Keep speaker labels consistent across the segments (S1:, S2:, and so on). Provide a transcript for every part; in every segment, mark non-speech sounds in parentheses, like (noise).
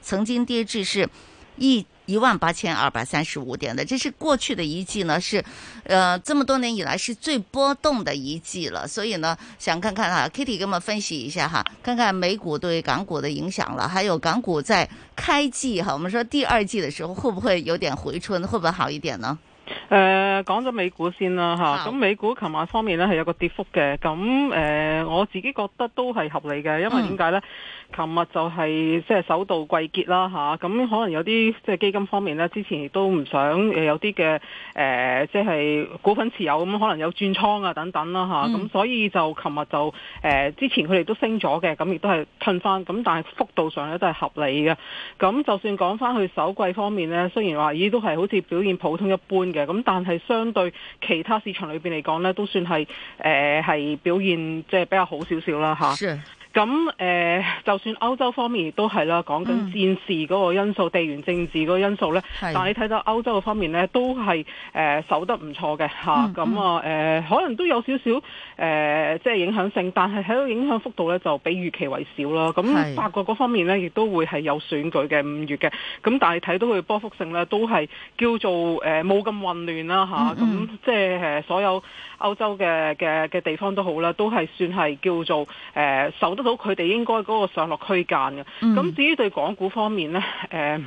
S1: 曾經跌至是，一一萬八千二百三十五點的，這是過去的一季呢，是，呃，這麼多年以來是最波動的一季了。所以呢，想看看哈，Kitty 給我們分析一下哈，看看美股對港股的影響了，還有港股在開季哈，我們說第二季的時候會不會有點回春，會不會好一點呢？
S2: 呃，講咗美股先啦哈，咁美股琴晚方面呢，係有個跌幅嘅，咁，誒、呃，我自己覺得都係合理嘅，因為點解呢？嗯琴日就係即係首度季結啦吓，咁可能有啲即係基金方面呢，之前亦都唔想誒有啲嘅誒即係股份持有咁，可能有轉倉啊等等啦吓，咁、嗯、所以就琴日就誒之前佢哋都升咗嘅，咁亦都係褪翻，咁但係幅度上咧都係合理嘅。咁就算講翻去首季方面呢，雖然話依都係好似表現普通一般嘅，咁但係相對其他市場裏邊嚟講呢，都算係誒係表現即係比較好少少啦吓。咁誒、呃，就算歐洲方面亦都係啦，講緊戰事嗰個因素、嗯、地緣政治嗰個因素咧。但係你睇到歐洲嗰方面咧，都係誒、呃、守得唔錯嘅嚇，咁啊、呃、可能都有少少誒、呃，即係影響性，但係喺度影響幅度咧就比預期為少啦。咁法國嗰方面咧，亦都會係有選舉嘅五月嘅。咁但係睇到佢波幅性咧，都係叫做誒冇咁混亂啦吓，咁、啊嗯啊嗯嗯、即係所有。歐洲嘅嘅嘅地方都好啦，都係算係叫做誒受、呃、得到佢哋應該嗰個上落區間嘅。咁、嗯、至於對港股方面呢，誒、呃、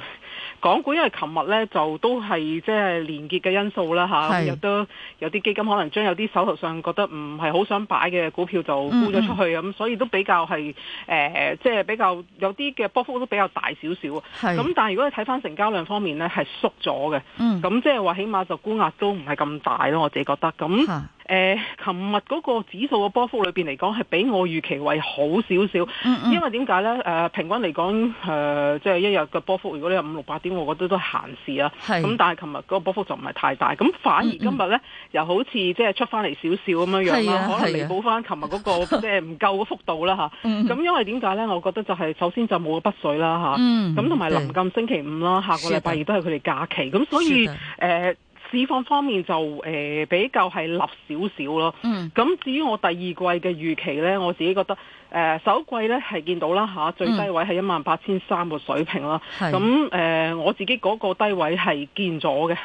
S2: 港股因為琴日呢就都係即係連結嘅因素啦嚇，亦都有啲基金可能將有啲手頭上覺得唔係好想擺嘅股票就沽咗出去咁、嗯，所以都比較係誒即係比較有啲嘅波幅都比較大少少。咁但係如果你睇返成交量方面呢，係縮咗嘅，咁即係話起碼就沽壓都唔係咁大咯，我自己覺得咁。誒、呃，琴日嗰個指數嘅波幅裏邊嚟講，係比我預期為好少少、嗯嗯。因為點解咧？誒、呃，平均嚟講，誒、呃，即、就、係、是、一日嘅波幅，如果你有五六八點，我覺得都係閒事啦、啊。咁但係琴日嗰個波幅就唔係太大。咁反而今日咧、嗯嗯，又好似即係出翻嚟少少咁樣樣、啊啊、可能彌補翻琴日嗰個即係唔夠嘅幅度啦、啊、吓。咁、嗯、因為點解咧？我覺得就係首先就冇筆水啦吓。咁同埋臨近星期五啦，下個禮拜二都係佢哋假期。咁所以誒。市況方面就誒、呃、比較係立少少咯，咁、嗯、至於我第二季嘅預期咧，我自己覺得。誒、呃、首季咧係見到啦，最低位係一萬八千三個水平啦。咁、嗯、誒、呃、我自己嗰個低位係見咗嘅，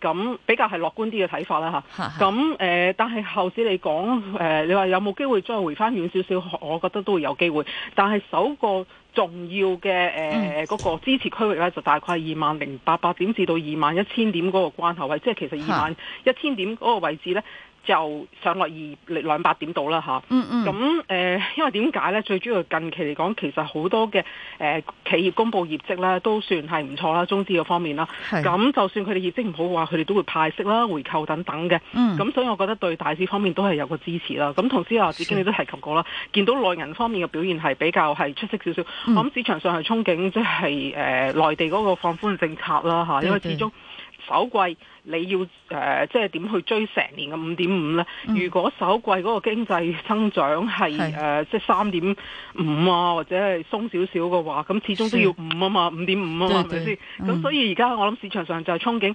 S2: 咁比較係樂觀啲嘅睇法啦。咁誒、啊，但係後市嚟講，誒、呃、你話有冇機會再回翻遠少少？我覺得都會有機會。但係首個重要嘅誒嗰個支持區域咧，就大概係二萬零八百點至到二萬一千點嗰個關口位，哈哈即係其實二萬一千點嗰個位置咧。就上落二兩百點度啦嚇，咁、嗯、誒、嗯，因為點解呢？最主要近期嚟講，其實好多嘅誒、呃、企業公布業績呢都算係唔錯啦，中資嗰方面啦。咁就算佢哋業績唔好嘅話，佢哋都會派息啦、回購等等嘅。咁、嗯、所以，我覺得對大市方面都係有個支持啦。咁同之前阿子君你都提及過啦，見到內銀方面嘅表現係比較係出色少少、嗯。我諗市場上係憧憬即係誒內地嗰個放寬政策啦嚇，因為始終。首季你要誒、呃，即係點去追成年嘅五點五咧？如果首季嗰個經濟增長係誒、呃、即係三點五啊，或者係鬆少少嘅話，咁始終都要五啊嘛，五點五啊嘛，係咪先？咁、嗯、所以而家我諗市場上就係憧憬。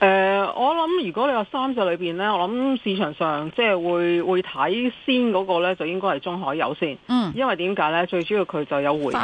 S2: 誒、呃，我諗如果你話三隻裏邊咧，我諗市場上即係會會睇先嗰個咧，就應該係中海油先。嗯，因為點解咧？最主要佢就有回氣啦，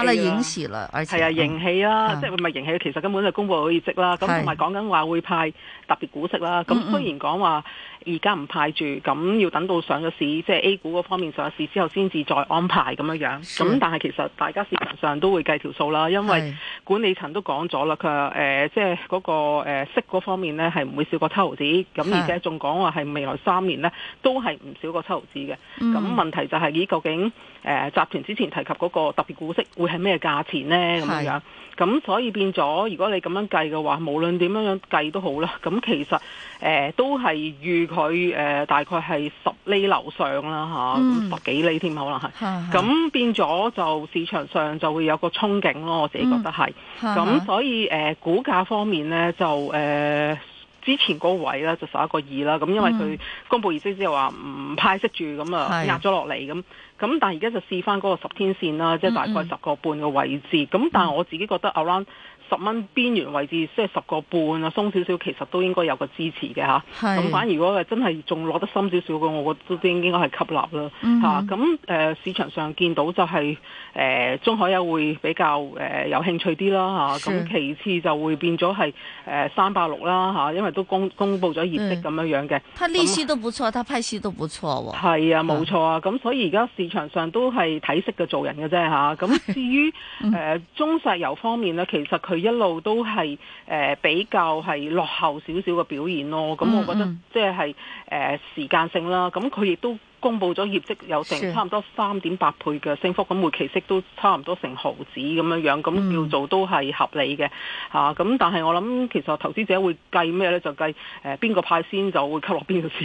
S2: 係啊，盈氣啦，嗯、即係唔係盈氣？其實根本就公布好業績啦，咁同埋講緊話會派。特別股息啦，咁雖然講話而家唔派住，咁要等到上咗市，即係 A 股嗰方面上咗市之後，先至再安排咁樣樣。咁但係其實大家市場上都會計條數啦，因為管理層都講咗啦，佢話誒即係嗰個呃息嗰方面咧係唔會少過七毫子，咁而且仲講話係未來三年咧都係唔少過七毫子嘅。咁問題就係咦究竟？誒、呃、集團之前提及嗰個特別股息會係咩價錢呢？咁樣，咁所以變咗如果你咁樣計嘅話，無論點樣樣計都好啦。咁其實誒、呃、都係預佢誒、呃、大概係十厘樓上啦嚇、啊嗯，十幾厘添可能係。咁變咗就市場上就會有個憧憬咯，我自己覺得係。咁、嗯、所以誒、呃、股價方面呢，就誒。呃之前嗰位呢，就十一個二啦，咁因為佢公佈意識之後話唔派息住，咁啊壓咗落嚟咁，咁但係而家就試翻嗰個十天線啦，即係大概十個半嘅位置，咁、嗯嗯、但係我自己覺得 around。十蚊邊緣位置，即係十個半啊，鬆少少，其實都應該有個支持嘅嚇。咁反而如果真係仲攞得深少少嘅，我覺得都應該係吸納啦嚇。咁、嗯、誒、啊呃、市場上見到就係、是、誒、呃、中海油會比較誒、呃、有興趣啲啦嚇。咁、啊、其次就會變咗係誒三百六啦嚇、啊，因為都公公布咗業績咁樣樣嘅。佢利息都不錯，佢、啊、派息都不錯喎、哦。係啊，冇、啊、錯啊。咁所以而家市場上都係睇息嘅做人嘅啫嚇。咁、啊、 (laughs) 至於誒、呃、中石油方面呢，其實佢一路都係誒、呃、比較係落後少少嘅表現咯，咁我覺得嗯嗯即係誒、呃、時間性啦，咁佢亦都。公布咗業績有成差唔多三點八倍嘅升幅，咁每期息都差唔多成毫子咁樣樣，咁叫做都係合理嘅嚇。咁、嗯啊、但係我諗其實投資者會計咩呢？就計誒邊個派先就會吸落邊個市，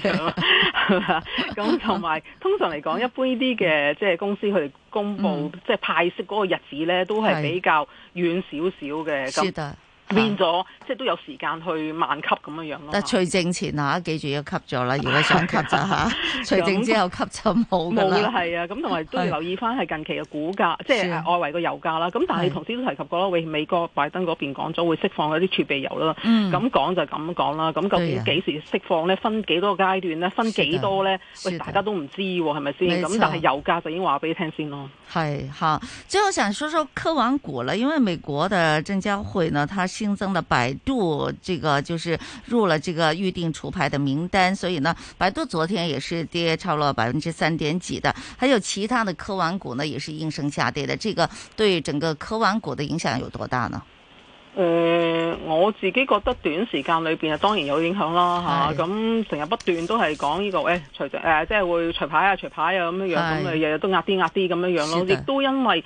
S2: 咁咁同埋通常嚟講，一般啲嘅即係公司佢哋公布、嗯、即係派息嗰個日子呢，都係比較遠少少嘅。是變咗，即、就、係、是、都有時間去慢吸咁樣樣咯。但除證
S1: 前嚇、啊，記住要吸咗啦。 (laughs) 如果想吸就嚇、啊，取 (laughs) 證之後吸就冇㗎冇啦，係
S2: 啊，咁同埋都要留意翻近期嘅股價，即係外圍個油價啦。咁但係同時都提及過啦，美美國拜登嗰邊講咗會釋放一啲儲備油啦。咁、嗯、講就咁講啦。咁究竟幾時釋放咧？分幾多個階段咧？分幾多咧？喂，大家都唔知喎、啊，係咪先？咁但係油價就已經話俾你聽先咯。
S1: 係即最後想說說科網股啦，因為美國的證交會呢，新增的百度，這個就是入了這個預定除牌的名單，所以呢，百度昨天也是跌超咗百分之三點幾的，還有其他的科網股呢，也是應聲下跌的。這個對整個科網股的影響有多大呢？誒、
S2: 呃，我自己覺得短時間裏邊當然有影響啦，吓，咁成日不斷都係講呢個誒除誒即係會除牌啊除牌啊咁樣樣，咁誒日日都壓啲壓啲咁樣樣咯，亦都因為。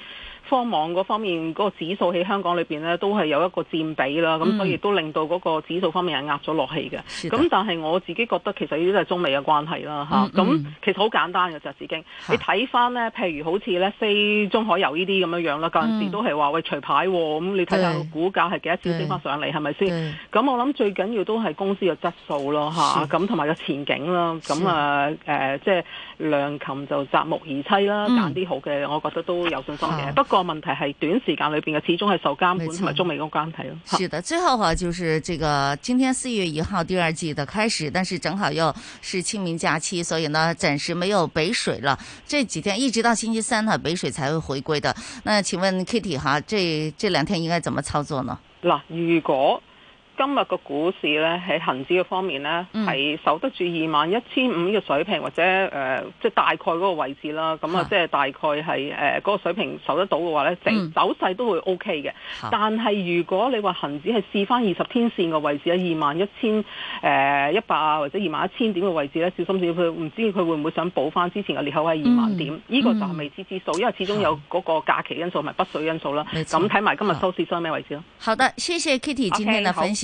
S2: 科網嗰方面嗰、那個指數喺香港裏面咧，都係有一個佔比啦，咁、嗯、所以亦都令到嗰個指數方面係壓咗落去嘅。咁但係我自己覺得其實呢啲都係中美嘅關係啦，咁、嗯啊嗯、其實好簡單嘅就已經，啊、你睇翻咧，譬如好似咧四中海油呢啲咁樣樣、嗯喔、啦，啊、有陣時都係話喂除牌喎，咁你睇下個股價係幾多錢升翻上嚟，係咪先？咁我諗最緊要都係公司嘅質素咯，咁同埋個前景啦，咁、嗯、啊、呃、即係良禽就擇木而棲啦，揀、嗯、啲好嘅，我覺得都有信心嘅。不、啊啊個問題係短時間裏邊嘅，始終係受監管，唔係中美嗰個關係咯。是
S1: 的，最後就是這個今天四月一號第二季的開始，但是正好又是清明假期，所以呢，暫時沒有北水了。這幾天一直到星期三呢，北水才會回歸的。那請問 Kitty 哈，這這兩天應該怎麼操作呢？
S2: 嗱，如果今日個股市咧喺恒指嘅方面咧，係、嗯、守得住二萬一千五嘅水平或者、呃、即係大概嗰個位置啦。咁啊，即係大概係誒嗰個水平守得到嘅話咧，整、嗯、走勢都會 O K 嘅。但係如果你話恒指係試翻二十天線嘅位置喺二萬一千誒一百啊，2100，呃、200，或者二萬一千點嘅位置咧，小心少佢唔知佢會唔會想補翻之前嘅裂口喺二萬點。呢、嗯這個就係未知之數、嗯、因為始終有嗰個假期因素同埋北水因素啦。咁睇埋今日收市收喺咩位置咯？好
S1: 的，謝謝 Kitty 今天嘅分析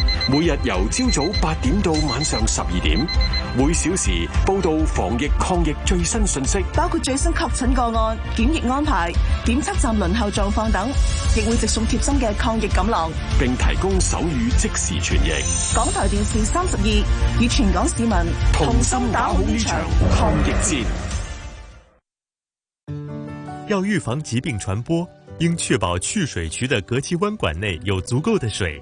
S3: 每日由朝早八點到晚上十二點，每小時報道防疫抗疫最新信息，包
S2: 括最新確診個案、檢疫安排、檢測站輪候狀況等，亦會直送貼心嘅抗疫錦囊，
S3: 並提供手語即時
S4: 傳譯。
S2: 港台電視三十二與全港市民同心打好呢場抗
S3: 疫戰。
S4: 要預防疾病傳播，應確保去水渠的隔氣彎管內有足夠的水。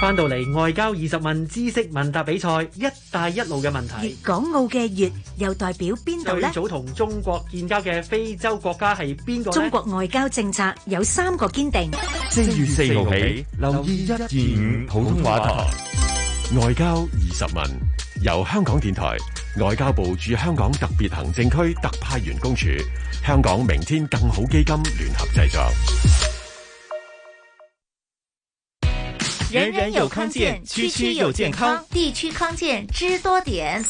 S3: 翻到嚟外交二十問知識問答比賽，一帶一路嘅問題。粵港澳嘅粵又代表邊度呢？最早同中國建交嘅非洲國家係邊個咧？中國
S5: 外交政策有三個堅定。
S3: 四月四號起，留意一二五普通話台，外交二十問由香港電台、外交部駐香港特別行政區特派員公署、香港明天更好基金聯合製作。
S6: 人人有康健，
S1: 區區有健康，區區健康地區康健知多點。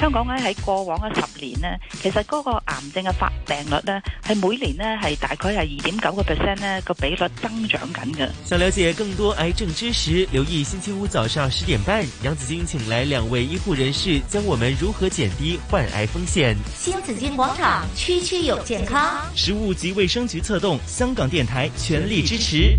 S1: 香港喺喺過往嘅十年咧，其實
S7: 嗰個癌症嘅發病率咧，係每年咧係大概係二點九個 percent 咧個比率增長緊嘅。
S6: 想了解更多癌症知識，留意星期五早上十點半，楊子晶請來兩位醫護人士，教我們如何減低患癌風險。
S1: 新紫荊廣場區區有健康，
S6: 食物及衛生局策動，香港電台全力
S8: 支持。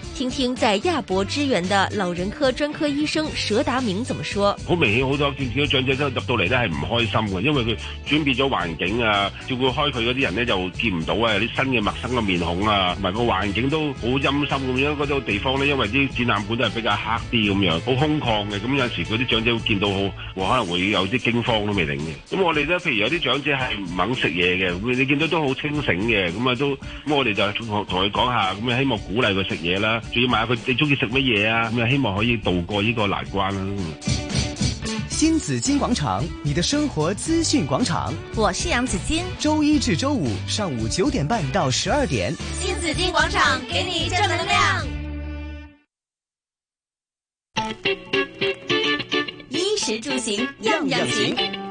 S9: 聽聽在亞博支援嘅老人科專科醫生佘達明怎麼說？
S10: 好明顯好多見到長者都入到嚟咧係唔開心嘅，因為佢
S3: 轉變咗環境啊，照顧開佢嗰啲人咧就見唔到啊，有啲新嘅陌生嘅面孔啊，同埋個環境都好陰森咁樣，嗰種地方咧因為啲展覽館都係比較黑啲咁樣，好空曠嘅，咁有時嗰啲長者會見到好，我可能會有啲驚慌都未定嘅。咁我哋咧，譬如有啲長者係唔肯食嘢嘅，你見到都好清醒嘅，咁啊都，咁我哋就同同佢講下，咁啊希望鼓勵佢食嘢啦。仲要買佢，最鍾意食乜嘢啊？咁啊，希望可以渡過呢
S6: 個
S8: 難關啦。新紫荊廣場，你的生活資訊廣場，我係楊紫金。周一至周五上午九點半到十二點，
S9: 新紫荊廣場給你正能量。衣
S11: 食住行，樣樣行。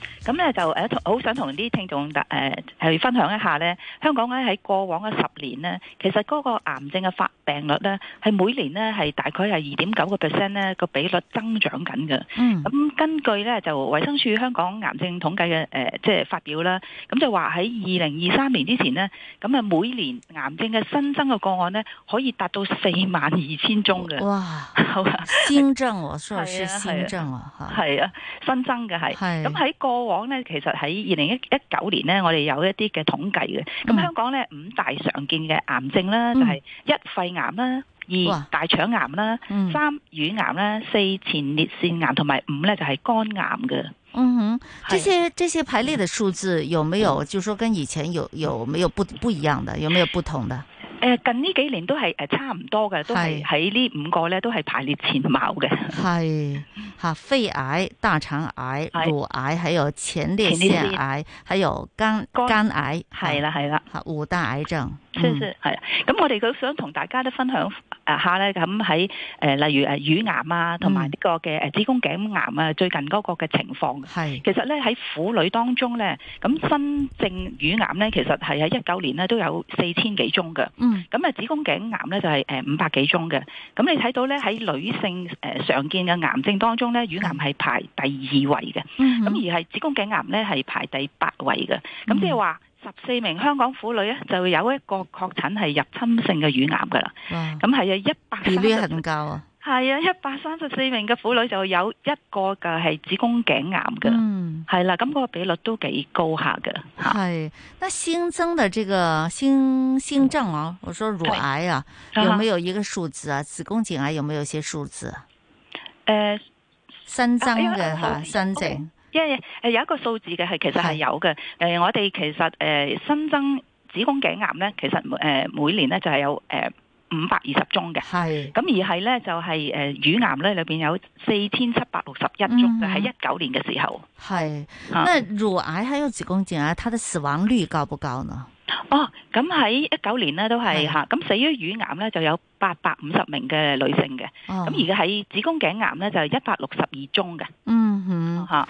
S1: 咁咧就誒好想同啲聽眾誒係分享一下咧，香港咧
S7: 喺過往嘅十年咧，其實嗰個癌症嘅發病率咧，係每年咧係大概係二點九個 percent 咧個比率增長緊嘅。嗯。咁根據咧就衞生署香港癌症統計嘅誒即係發表啦，咁就話喺二零二三年之前呢，咁啊每年癌症嘅新增嘅個案咧可以達到四萬二千宗嘅。哇！好 (laughs) 啊，啊，啊，啊，啊，新增喎，所以係新增啊，係啊，新增嘅係。係。咁喺過。講咧，其實喺二零一九年咧，我哋有一啲嘅統計嘅。咁、嗯、香港咧五大常見嘅癌症啦，嗯、就係、是、一肺癌啦，二大腸癌啦、嗯，三乳癌啦，四前列腺癌，同、嗯、埋五咧就係肝癌嘅。嗯哼，
S1: 這些這些排列的數字、嗯、有沒有，就說跟以前有有沒有不不一樣的，有沒有不同的？
S7: 誒，近呢幾年都係誒差唔多嘅，都係喺呢五個咧
S1: 都係排列前茅嘅。係吓，肺癌、大腸癌、乳癌，還有前列腺癌，還有肝癌肝，肝癌，係啦係啦，五大癌症。嗯，係。咁我哋都想同大家都分享。下咧，咁喺
S7: 誒，例如誒乳癌啊，同埋呢個嘅誒子宮頸癌啊，最近嗰個嘅情況。係其實咧喺婦女當中咧，咁新症乳癌咧，其實係喺一九年咧都有四千幾宗嘅。嗯，咁誒子宮頸癌咧就係誒五百幾宗嘅。咁你睇到咧喺女性誒常見嘅癌症當中咧，乳癌係排第二位嘅。咁而係子宮頸癌咧係排第八位嘅。咁即係話。就是十四名香港婦女咧，就有一個確診係入侵性嘅乳癌噶啦。咁係啊，一百。呢係點啊？係啊，一百三十四名嘅婦女就有一個嘅係子宮頸癌噶。嗯，係啦、啊，咁嗰、啊個，嗯那個比率都幾高下嘅
S1: 吓。係，那新增的這個新新症啊、嗯，我說乳癌啊，是是有沒有一個數字啊？嗯、子宮頸癌有沒有一些數字、啊？誒、嗯，新增嘅吓、啊，新、哎因為誒
S7: 有一個數字嘅係其實係有嘅，誒、呃、我哋其實誒、呃、新增子宮頸癌咧，其實誒每、呃、每年咧就係有誒五百二十宗嘅，係咁而係咧就係、是、誒乳癌咧裏邊有四千七百六十一宗嘅喺一九年嘅時候。
S1: 係，咁啊乳癌還有子宮頸癌，它嘅死亡率高不高呢？哦，
S7: 咁喺一九年咧都係吓，咁、啊、死於乳癌咧就有八百五十名嘅女性嘅，咁、嗯、而家喺子宮頸癌咧就係一百
S1: 六十二宗嘅。嗯哼、吓、啊。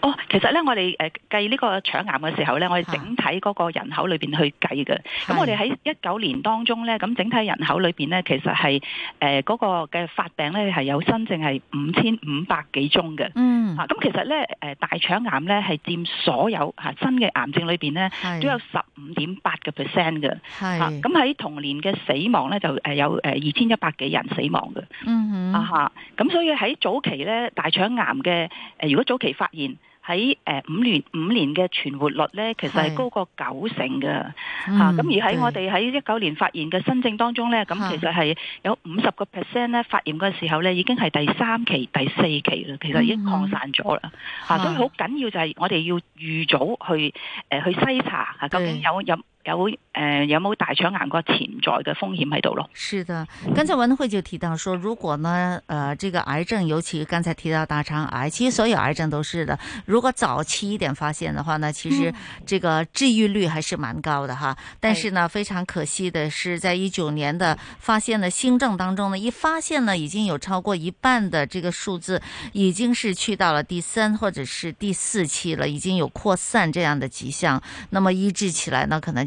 S1: 哦，其實咧，我哋誒、呃、
S7: 計呢個腸癌嘅時候咧，我哋整體嗰個人口裏邊去計嘅。咁我哋喺一九年當中咧，咁整體人口裏邊咧，其實係誒嗰個嘅發病咧係有新症係五千五百幾宗嘅。嗯。啊，咁其實咧誒大腸癌咧係佔所有嚇新嘅癌症裏邊咧都有十五點八個 percent 嘅。係。咁喺同年嘅死亡咧就誒有誒二千一百幾人死亡嘅。
S12: 嗯啊
S7: 嚇，咁所以喺早期咧大腸癌嘅誒、呃，如果早期發現。喺誒五年五年嘅存活率咧，其實係高過九成㗎嚇。咁、嗯、而喺我哋喺一九年發現嘅新症當中咧，咁其實係有五十個 percent 咧發現嘅時候咧，已經係第三期第四期啦。其實已經擴散咗啦嚇，所以好緊要就係我哋要預早去誒、呃、去篩查嚇，究竟有有。有誒、呃、有冇大腸癌個潛在嘅風險喺度咯？
S1: 是的，剛才文慧就提到說，如果呢，呃，這個癌症，尤其剛才提到大腸癌，其實所有癌症都是的。如果早期一點發現的話呢，其實這個治愈率還是蠻高的哈。但是呢，非常可惜的是，在一九年的發現的新症當中呢，一發現呢已經有超過一半的這個數字，已經是去到了第三或者是第四期了，已經有擴散這樣的迹象。那麼醫治起來呢，可能。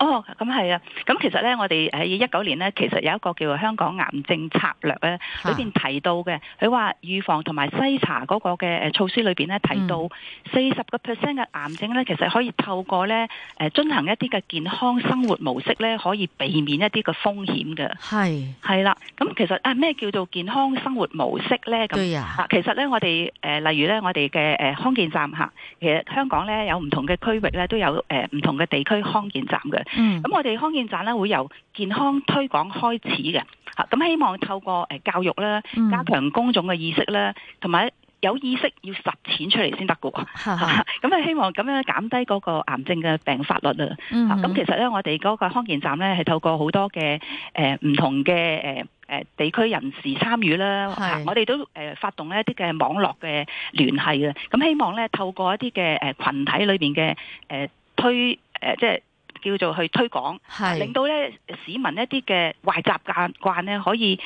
S1: 哦、oh, right. right. so, uh, 咁係啊！咁其實咧，我哋喺一九年咧，其實有一個叫做香港癌症
S7: 策略咧，裏、uh, 邊提到嘅，佢話預防同埋篩查嗰個嘅措施裏邊咧，提到四十個 percent 嘅癌症咧，其實可以透過咧誒、uh, 進行一啲嘅健康生活模式咧，可以避免一啲嘅風險嘅。係係啦，咁其實啊咩叫做健康生活模式咧？咁啊，其實咧我哋誒、uh, 例如咧我哋嘅康健站嚇，其實香港咧有唔同嘅區域咧都有唔、uh, 同嘅地區康健站嘅。嗯，咁我哋康健站咧會由健康推廣開始嘅，吓，咁希望透過誒教育啦，加、嗯、強公眾嘅意識啦，同埋有，有意識要實踐出嚟先得嘅，喎，咁啊希望咁樣減低嗰個癌症嘅病發率啊，咁、嗯、其實咧我哋嗰個康健站咧係透過好多嘅誒唔同嘅誒誒地區人士參與啦，是是我哋都誒發動一啲嘅網絡嘅聯繫嘅，咁希望咧透過一啲嘅誒群體裏邊嘅誒推誒、呃、即係。叫做去推廣，係令到咧市民一啲嘅壞習慣慣咧可以。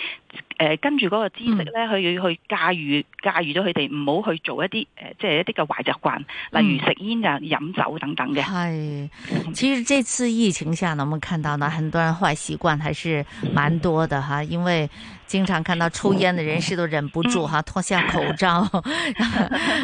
S7: 呃，跟住嗰個知識呢，去去駕馭駕馭咗佢哋，唔好去做一啲誒、呃，即係
S1: 一啲嘅壞習慣，例如食煙啊、飲酒等等嘅。係、哎，其實這次疫情下呢，我們看到呢，很多人壞習慣還是蠻多的哈，因為經常看到抽煙的人士都忍不住哈，脫下口罩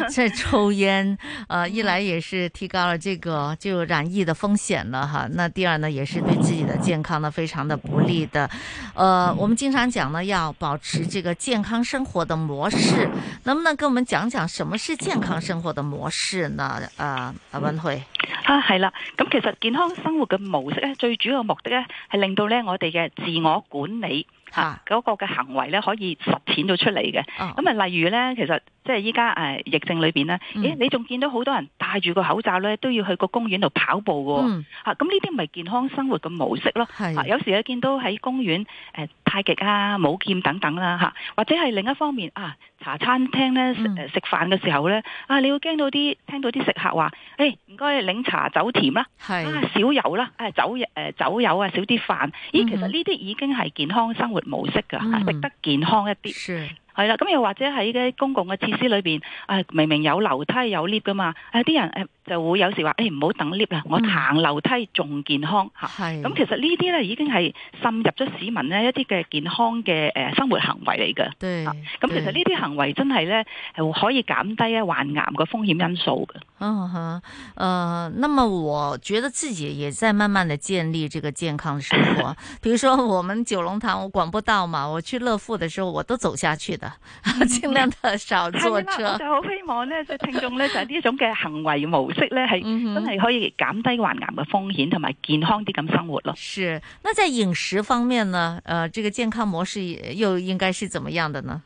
S1: 在抽、嗯、 (laughs) 煙，呃一來也是提高了這個就染疫的風險了哈，那第二呢，也是對自己的健康呢，非常的不利的。呃，我們經常講呢，要。保持這個健康生活的模式，能不能跟我們講講什麼是健康生活的模式呢？呃、啊，阿文慧，啊係啦，咁其實健康生活
S7: 嘅模式咧，最主要目的咧係令到咧我哋嘅自我管理吓嗰個嘅行為咧可以實踐到出嚟嘅。咁啊，啊，例如咧，其實。即係依家誒疫症裏邊咧，誒、嗯、你仲見到好多人戴住個口罩咧，都要去個公園度跑步喎、哦。咁呢啲咪健康生活嘅模式咯。係、啊，有時你見到喺公園誒、呃、太極啊、舞劍等等啦、啊、嚇、啊，或者係另一方面啊，茶餐廳咧誒、嗯食，呃、食飯嘅時候咧，啊你會驚到啲聽到啲食客話：誒唔該，檸茶走甜啦，係啊，小油啊、呃、油少油啦，誒酒誒酒友啊少啲飯。咦，其實呢啲已經係健康生活模式㗎嚇、嗯啊，食得健康一啲。係啦，咁又或者喺啲公共嘅設施裏邊，誒明明有樓梯有 lift 噶嘛誒啲人誒就會有時話，誒唔好等 lift 啦、嗯，我行樓梯仲健康吓。係，咁其實呢啲咧已經係滲入咗市民呢一啲嘅健康嘅誒生活行為嚟嘅。對，咁其實呢啲行為真係咧係可以減低患癌
S1: 嘅風險因素嘅。嗯哼，誒、嗯嗯，那麼我覺得自己也在慢慢地建立這個健康生活。譬 (laughs) 如說，我哋九龍塘我廣播道嘛，我去樂富嘅時候，我都走下去的。盡 (laughs) 量的少坐車，mm-hmm.
S13: (laughs) 我就好希望呢，即係聽
S7: 眾咧，就係、是、呢種嘅行為模式呢，係真係可以減低患癌嘅風險，同埋健
S1: 康啲咁生活咯。是，那在飲食方面呢？誒、呃，這個健康模式又應該是怎麼樣的呢？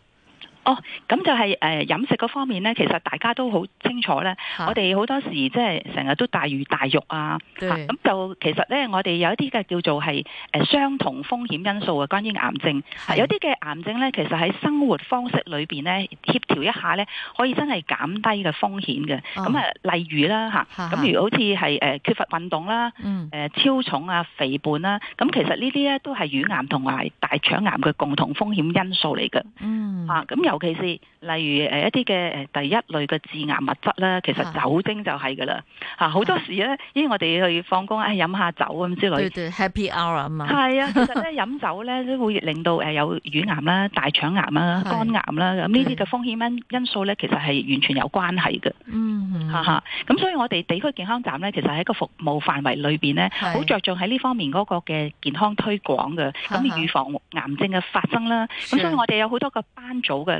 S1: 哦，咁就係、是、誒、呃、飲食嗰方面咧，其實大家都好
S7: 清楚咧、啊。我哋好多時即係成日都大魚大肉啊，咁、啊、就其實咧，我哋有一啲嘅叫做係相同風險因素嘅關於癌症，有啲嘅癌症咧，其實喺生活方式裏邊咧，協調一下咧，可以真係減低嘅風險嘅。咁、哦、誒，例如啦吓，咁、啊、如果好似係誒缺乏運動啦，誒、嗯呃、超重啊、肥胖啦、啊，咁其實呢啲咧都係乳癌同埋大腸癌嘅共同風險因素嚟嘅、嗯。啊，咁尤其是例如誒一啲嘅誒第一類嘅致癌物質啦，其實酒精就係㗎喇吓，好多時咧，因為我哋去放工咧飲下酒咁之類，Happy Hour 啊嘛，係 (laughs) 啊，其實咧飲酒咧都會令到誒有乳癌啦、大腸癌啦、肝癌啦，呢啲嘅風險因素咧，其實係完全有關係嘅。嗯，嚇、啊、嚇，咁所以我哋地區健康站咧，其實喺個服務範圍裏邊咧，好着重喺呢方面嗰個嘅健康推廣嘅，咁預防癌症嘅發生啦。咁所以我哋有好多個班組嘅。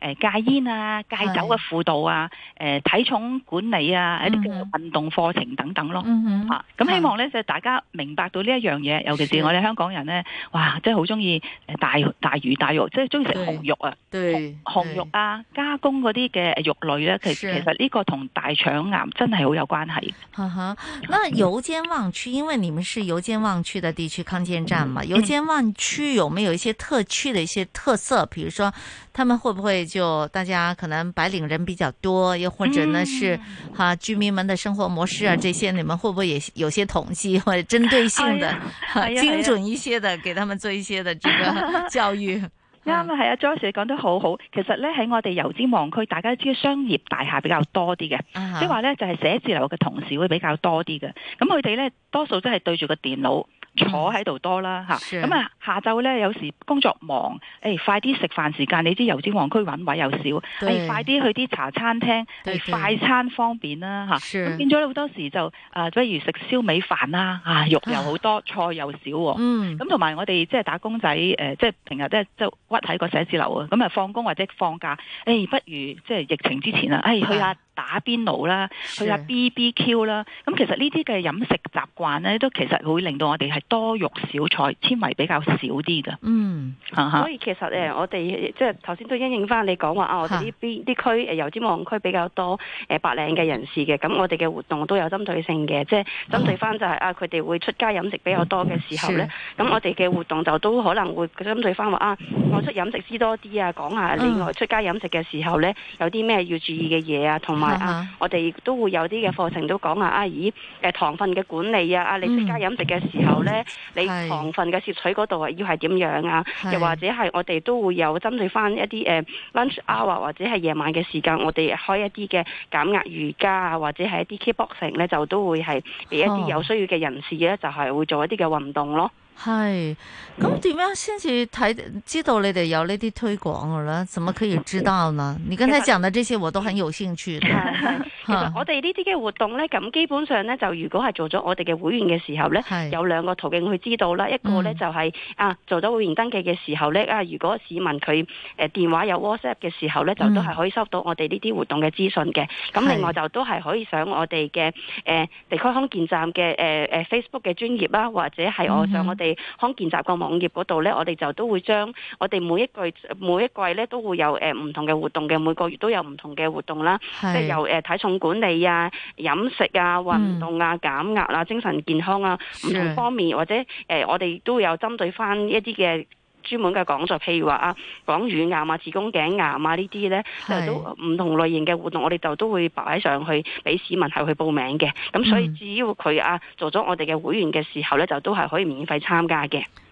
S7: 誒戒煙啊、戒酒嘅輔導啊、誒、呃、體重管理啊、一啲嘅運動課程等等咯嚇，咁、嗯啊、希望咧就大家明白到呢一樣嘢，尤其是我哋香港人咧，哇，真係好中意誒大大魚大肉，即係中意食紅肉啊，對對對紅，紅肉啊，加工嗰啲嘅肉類咧，其實其實呢個同大腸癌真係好有關係。
S1: 哼、啊、哼，那油尖旺區，因為你們是油尖旺區的地區康健站嘛，油、嗯、尖、嗯、旺區有沒有一些特區的一些特色，譬如說，他們會不會？就大家可能白領人比較多，又或者呢是哈、嗯啊、居民們的生活模式啊、嗯，這些你們會不會也有些統計、嗯、或者針對性的、哎啊啊、精準一些的、啊，給他們做一些的這個教育
S7: 啱啊，係、 (laughs) 嗯、啊 Joyce 講得好好，其實咧喺我哋油尖旺區，大家都知道商業大廈比較多啲嘅，即係話咧就係、是、寫、就是、字樓嘅同事會比較多啲嘅，咁佢哋咧多數都係對住個電腦。坐喺度多啦吓、嗯、啊下晝咧有時工作忙，哎、快啲食飯時間，你知油尖旺區揾位又少，哎、快啲去啲茶餐廳、哎，快餐方便啦、啊、咁、啊、變咗好多時就啊，不如食燒味飯啦、啊啊、肉又好多、啊，菜又少、啊。嗯，咁同埋我哋即係打工仔即係、呃即係、平日都係即係屈喺個寫字樓啊，咁啊放工或者放假、哎，不如即係、即係、疫情之前、哎、啊，誒去下。打邊爐啦，去下 BBQ 啦，咁其實呢啲嘅飲食習慣咧，都其實會令到我哋係多肉少菜，纖維比較少啲㗎。嗯， (laughs) 所以
S14: 其實誒，我哋即係頭先都應應翻你講話啊，我哋呢邊啲區誒油尖旺區比較多誒白領嘅人士嘅，咁我哋嘅活動都有針對性嘅，即係針對翻就係啊，佢哋會出街飲食比較多嘅時候咧，咁、嗯、我哋嘅活動就都可能會針對翻話啊，外出飲食多啲啊，講下另外出街飲食嘅時候咧，有啲咩要注意嘅嘢啊，同埋。Uh-huh. 啊！我哋都會有啲嘅課程都講啊，阿姨，誒糖分嘅管理啊，啊，你食加飲食嘅時候咧，uh-huh. 你糖分嘅攝取嗰度啊，要係點樣啊？又、uh-huh. 或者係我哋都會有針對翻一啲誒 lunch hour 或者係夜晚嘅時間，我哋開一啲嘅減壓瑜伽啊，或者係一啲 kickboxing 咧，就都會係俾一啲有需要嘅人士咧，就係、是、會做一啲嘅運動咯。
S1: 係，咁點樣先至睇知道你哋有呢啲推廣嘅咧，怎麼可以知道呢？你剛才講的這些我都很有興趣。 (laughs) (laughs) 其實
S14: 我哋呢啲嘅活動咧，咁基本上咧就，如果係做咗我哋嘅會員嘅時候咧，有兩個途徑去知道啦。一個咧就係、是嗯、啊，做咗會員登記嘅時候咧啊，如果市民佢誒電話有 WhatsApp 嘅時候咧、嗯，就都係可以收到我哋呢啲活動嘅資訊嘅。咁另外就都係可以上我哋嘅誒地區空健站嘅誒誒 Facebook 嘅專頁啦，或者係我上我哋、嗯。康健集個網頁嗰度咧，我哋就都會將我哋每一季每一季咧都會有誒唔同嘅活動嘅，每個月都有唔同嘅活動啦，即係由誒體重管理啊、飲食啊、運動啊、減壓啊、精神健康啊，唔同方面或者誒我哋都有針對翻一啲嘅。專門嘅講座，譬如話啊，講乳癌啊、子宮頸癌啊呢啲咧，就都唔同類型嘅活動，我哋就都會擺上去俾市民係去報名嘅。咁所以只要佢啊做咗我哋嘅會員嘅時候咧，就都係可以免費參加嘅。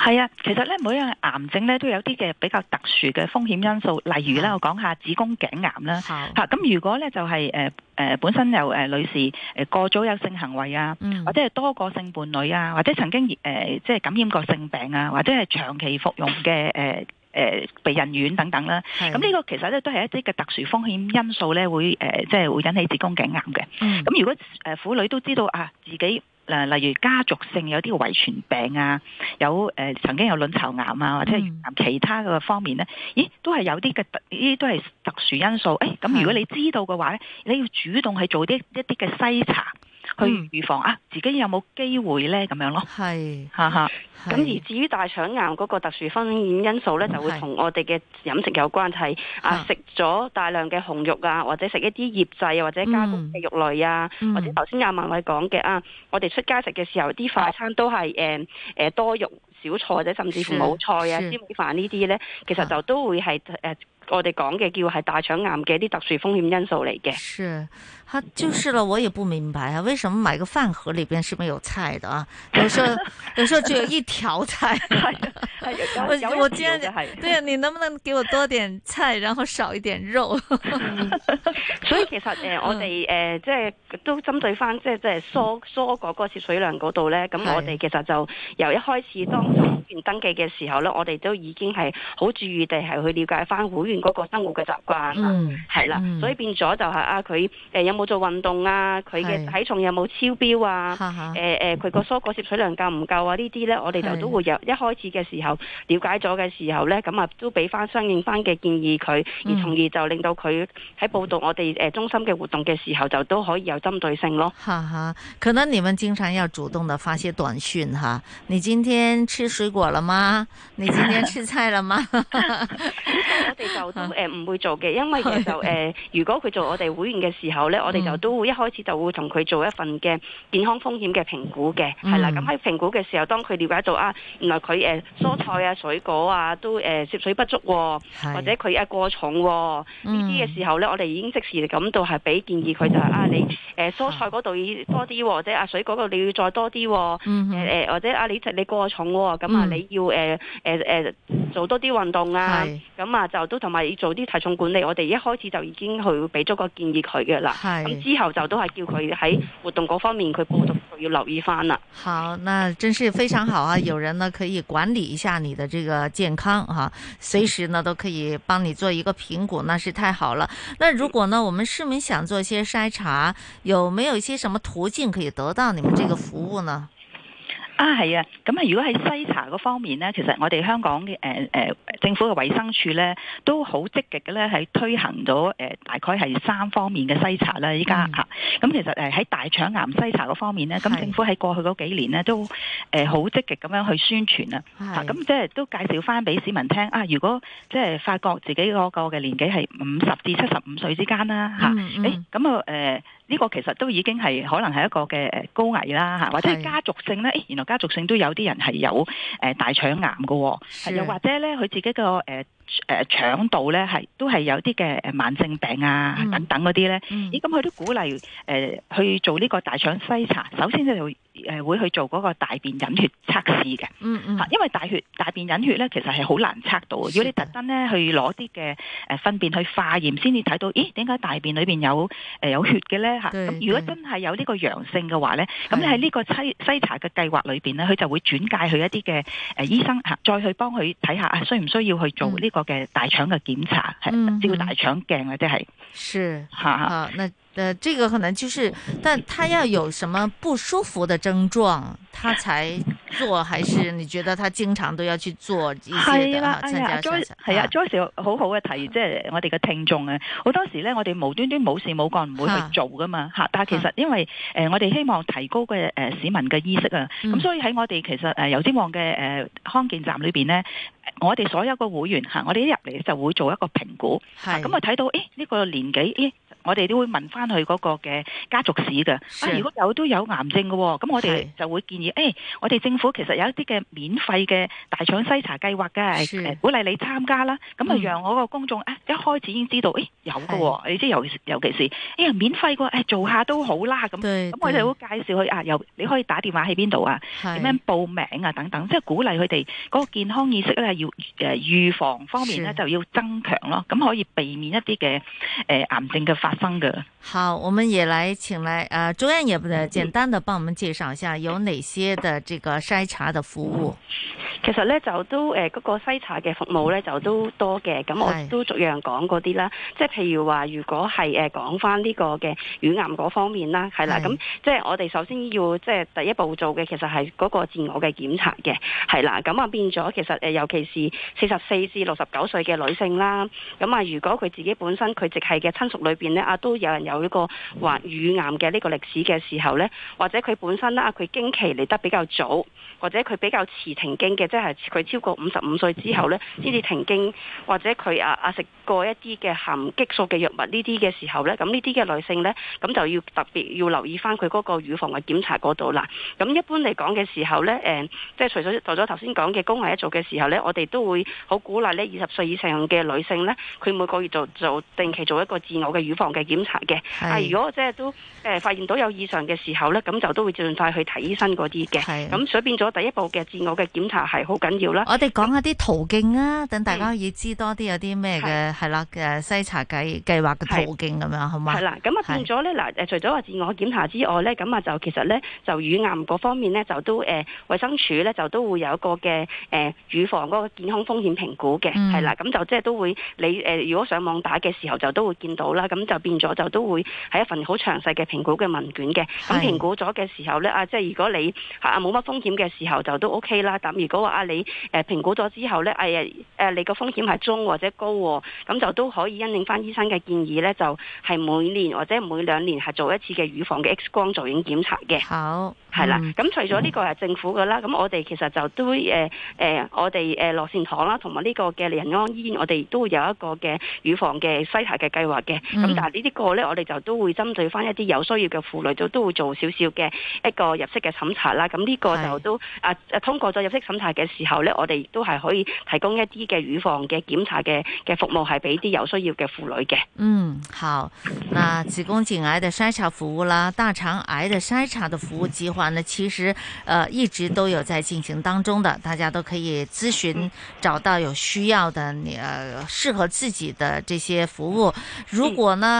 S1: 係啊，其實咧每一樣癌症咧都有啲嘅比較特殊嘅風險因素，例如咧我講
S7: 下子宮頸癌啦，吓、嗯、咁如果咧就係誒誒本身有誒女士誒過早有性行為啊，或者係多個性伴侶啊，或者曾經誒即係感染過性病啊，或者係長期服用嘅誒誒避孕丸等等啦，咁呢、這個其實咧都係一啲嘅特殊風險因素咧會誒即係會引起子宮頸癌嘅，咁、嗯、如果誒婦女都知道啊自己。例如家族性有啲遺傳病啊，有誒、呃、曾經有卵巢癌啊，或者係癌癌其他嘅方面咧，咦，都係有啲嘅特，呢啲都係特殊因素。誒、哎，咁如果你知道嘅話咧，你要主動去做啲一啲嘅篩查。去
S14: 預防啊！自己有冇機會呢？咁樣咯。係嚇嚇。咁 (laughs) 而至於大腸癌嗰個特殊風險因素呢，就會同我哋嘅飲食有關係。啊，食咗大量嘅紅肉啊，或者食一啲醃製或者加工嘅肉類啊，嗯、或者頭先阿文偉講嘅啊，我哋出街食嘅時候啲快餐都係誒誒多肉少菜，或者甚至乎冇菜啊，煎米飯呢啲呢，其實就都會係誒。啊啊我哋講嘅叫係大腸癌嘅啲特殊風險因素嚟嘅。是，
S1: 吓，就是啦，我也不明白啊，為什麼買個飯盒裏邊是沒有菜的啊？有時候 (laughs) 有時候只有一條菜。
S14: 係 (laughs) 啊，我我今日 (laughs) 對啊，你
S1: 能不能給我多點菜， (laughs) 然後少一點肉？
S14: (laughs) (laughs) 所以其實誒、呃，我哋誒、呃呃，即係都針對翻，即係即係蔬蔬果嗰次水量嗰度咧。咁、 (laughs) 嗯、我哋其實就由一開始當會員登記嘅時候咧，我哋都已經係好注意地係去了解翻會員。嗰個生活嘅習慣啦、啊，係、嗯、啦，所以變咗就係、是、啊佢、呃、有冇做運動啊，佢嘅體重有冇超標啊？佢個蔬果攝取量夠唔夠啊？嗯、呢啲咧，我哋就都會有一開始嘅時候了解咗嘅時候咧，咁啊都俾翻相應翻嘅建議佢，而從而就令到佢喺報道我哋中心嘅活動嘅時候，就都可以有針對性咯。哈
S1: 哈，可能你們經常要主動的發些短訊哈，你今天吃水果了嗎？你今天吃菜了嗎？ (laughs)
S14: (laughs) 我哋就。都誒唔、呃、會做嘅，因為佢就誒、呃，如果佢做我哋會員嘅時候呢， (laughs) 我哋就都會一開始就會同佢做一份嘅健康風險嘅評估嘅，係啦。咁 (noise) 喺評估嘅時候，當佢了解到啊，原來佢誒、呃、蔬菜啊、水果啊都誒、呃、攝水不足、哦，或者佢啊過重呢啲嘅時候呢，我哋已經即時感到係俾建議佢就係啊，你誒、呃、蔬菜嗰度要多啲、哦，或者啊水果嗰度你要再多啲、哦，誒、 (noise) 呃、或者啊你你過重、哦，咁啊你要誒誒誒。呃呃呃做多啲運動啊，咁啊、嗯、就都同埋做啲體重管理。我哋一開始就已經去俾咗個建議佢嘅啦。咁、嗯、之後就都係叫佢喺活動嗰方面，佢活動要留意翻啦。
S1: 好，那真是非常好啊！有人呢可以管理一下你的這個健康哈，啊、隨時呢都可以幫你做一個評估，那是太好了。那如果呢，我們市民想做些篩查，有沒有一些什麼途徑可以得到你們這個服務呢？啊，係啊，咁啊，如果喺篩查嗰方
S7: 面咧，其實我哋香港嘅，呃、政府嘅衛生署咧，都好積極嘅咧，係推行咗，呃、大概係三方面嘅篩查啦，依家咁其實喺大腸癌篩查嗰方面咧，咁政府喺過去嗰幾年咧都誒好積極咁樣去宣傳啊。咁，嗯嗯啊、即係都介紹翻俾市民聽啊。如果即係發覺自己嗰個嘅年紀係五十至七十五歲之間啦，咁啊、嗯嗯哎呢、這個其實都已經係可能係一個嘅高危啦，吓，或者係家族性咧。原來家族性都有啲人係有、呃、大腸癌嘅，係、呃、又或者咧佢自己個誒、呃、腸道咧都係有啲嘅慢性病啊等等嗰啲咧，咦，咁佢都鼓勵、呃、去做呢個大腸篩查，首先即係會、呃、去做嗰個大便隱血測試嘅，
S12: 嗯，嗯，因
S7: 為大血大便隱血咧其實係好難測到，如果你特登咧去攞啲嘅誒糞便去化驗先至睇到，咦，點解大便裏面有、呃、有血嘅咧嚇，咁如果真係有呢個陽性嘅話咧，咁你喺呢個篩查嘅計劃裏面咧，佢就會轉介佢一啲嘅誒醫生再去幫佢睇下、啊、需唔需要去做呢、嗯這個。嘅大腸嘅檢查，係照大腸
S1: 鏡啊，即、嗯、係，嚇、就是，啊。哈哈。誒、呃，這個可能就是，但他要有什麼不舒服的症狀，他才做，還是你覺得他經常都要去做一些？係啦、啊，係、哎、啊 Joyce 好好嘅提，即、就、係、是、我哋嘅聽
S7: 眾啊。好多時咧，我哋無端端冇事冇幹唔會去做噶嘛，吓、啊。但係其實因為誒、啊呃，我哋希望提高嘅誒、呃、市民嘅意識啊，咁所以喺我哋其實誒，油尖旺嘅誒康健站裏邊咧，我哋所有嘅會員吓，我哋一入嚟就會做一個評估，咁啊睇到誒呢、哎這個年紀、哎我哋都會問翻佢嗰個嘅家族史嘅、啊，如果有都有癌症嘅、哦，咁我哋就會建議，誒、哎，我哋政府其實有一啲嘅免費嘅大腸篩查計劃嘅，鼓勵你參加啦。咁、嗯、啊，就讓我個公眾啊、哎、一開始已經知道，誒、哎、有嘅、哦，你即係尤其尤其是，誒、哎、免費嘅，誒、哎、做下都好啦。咁咁我哋會介紹佢啊，又你可以打電話喺邊度啊，點樣報名啊，等等，即、就、係、是、鼓勵佢哋嗰個健康意識咧，要誒預防方面咧就要增強咯，咁、嗯、可以避免一啲嘅誒癌症嘅發。三個
S1: 好，我們也來請來，啊，中央也不得簡單的幫我們介紹一下有哪些的這個篩查的服務。其實
S14: 呢，就都誒嗰、呃那個篩查嘅服務呢，就都多嘅，咁我都逐樣講嗰啲啦。即係譬如話，如果係誒講翻呢個嘅乳癌嗰方面啦，係啦，咁即係我哋首先要即係第一步做嘅，其實係嗰個自我嘅檢查嘅，係啦。咁啊變咗，其實誒尤其是四十四至六十九歲嘅女性啦，咁啊如果佢自己本身佢直系嘅親屬裏邊咧。啊，都有人有呢個患乳癌嘅呢個歷史嘅時候呢，或者佢本身啦，佢經期嚟得比較早，或者佢比較遲停經嘅，即係佢超過五十五歲之後呢，先至停經，或者佢啊啊食過一啲嘅含激素嘅藥物呢啲嘅時候呢，咁呢啲嘅女性呢，咁就要特別要留意翻佢嗰個乳房嘅檢查嗰度啦。咁一般嚟講嘅時候呢，誒、嗯，即係除咗頭咗頭先講嘅宮頸癌做嘅時候呢，我哋都會好鼓勵呢二十歲以上嘅女性呢，佢每個月就做定期做一個自我嘅乳房。嘅檢查嘅，啊，如果即係都誒發現到有異常嘅時候咧，咁就都會盡快去睇醫生嗰啲嘅。係，咁所以變咗第一步嘅自我嘅檢查係好緊要啦。
S1: 我哋講下啲途徑啊，等、嗯、大家可以知多啲有啲咩嘅係啦，嘅篩、啊、查計計劃嘅途徑咁樣，好嘛？係啦，
S14: 咁變咗咧嗱，誒除咗話自我的檢查之外咧，咁啊就其實咧就乳癌嗰方面咧就都誒，衞、呃、生署咧就都會有一個嘅誒乳房嗰個健康風險評估嘅，係、嗯、啦，咁就即係都會你誒、呃、如果上網打嘅時候就都會見到啦，咁就。變咗就都會係一份好詳細嘅評估嘅問卷嘅，咁評估咗嘅時候呢，啊，即係如果你吓冇乜風險嘅時候就都 OK 啦。但如果話啊你誒評估咗之後呢，哎誒你個風險係中或者高啊，咁就都可以因應翻醫生嘅建議呢，就係每年或者每兩年係做一次嘅乳房嘅 X 光造影檢查嘅。好係啦，咁除咗呢個係政府嘅啦，咁我哋其實就都誒誒我哋誒羅善堂啦，同埋呢個嘅仁安醫院，我哋都會有一個嘅乳房嘅篩查嘅計劃嘅。咁但這個、呢啲個咧，我哋就都會針對翻一啲有需要嘅婦女，就都會做少少嘅一個入息嘅審查啦。咁呢個就都，啊，通過咗入息審查嘅時候咧，我哋亦都係可以提供一啲嘅乳房嘅檢查嘅嘅服務係俾啲有需要嘅婦女嘅。
S1: 嗯，好。嗱，子宮頸癌嘅篩查服務啦，大腸癌嘅篩查的服務計劃呢，其實誒、呃、一直都有在進行當中的，大家都可以諮詢找到有需要的你，適合自己的這些服務，如果呢？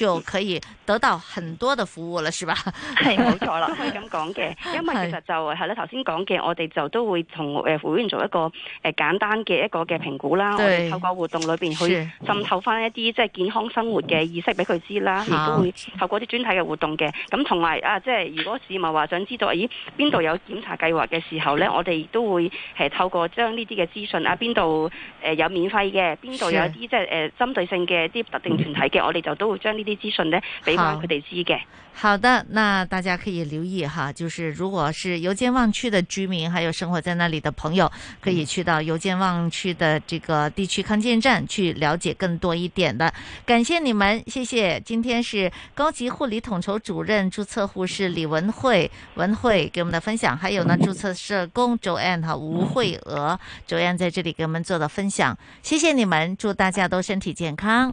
S1: 就
S14: 可以得到很多的服務啦，是吧？係冇錯啦，可以咁講嘅，因為其實就係咧頭先講嘅，我哋就都會同誒會員做一個誒簡單嘅一個嘅評估啦，我哋透過活動裏邊去滲透翻一啲即係健康生活嘅意識俾佢知啦，亦都會透過啲專題嘅活動嘅，咁同埋啊即係如果市民話想知道咦邊度有檢查計劃嘅時候咧，我哋都會係透過將呢啲嘅資訊啊邊度誒有免費嘅，邊度有一啲即係誒針對性嘅啲特定團體嘅，我哋就都會將呢啲資訊俾佢哋知
S1: 嘅。好的，那大家可以留意哈，就是如果是油尖旺區的居民，還有生活在那裏的朋友，可以去到油尖旺區的這個地區康健站去了解更多一點的。感謝你們，謝謝。今天是高級護理統籌主任、注冊護士李文慧，文慧給我們的分享。還有呢，注冊社工周燕和吳慧娥，周燕在這裏給我們做的分享。謝謝你們，祝大家都身體健康。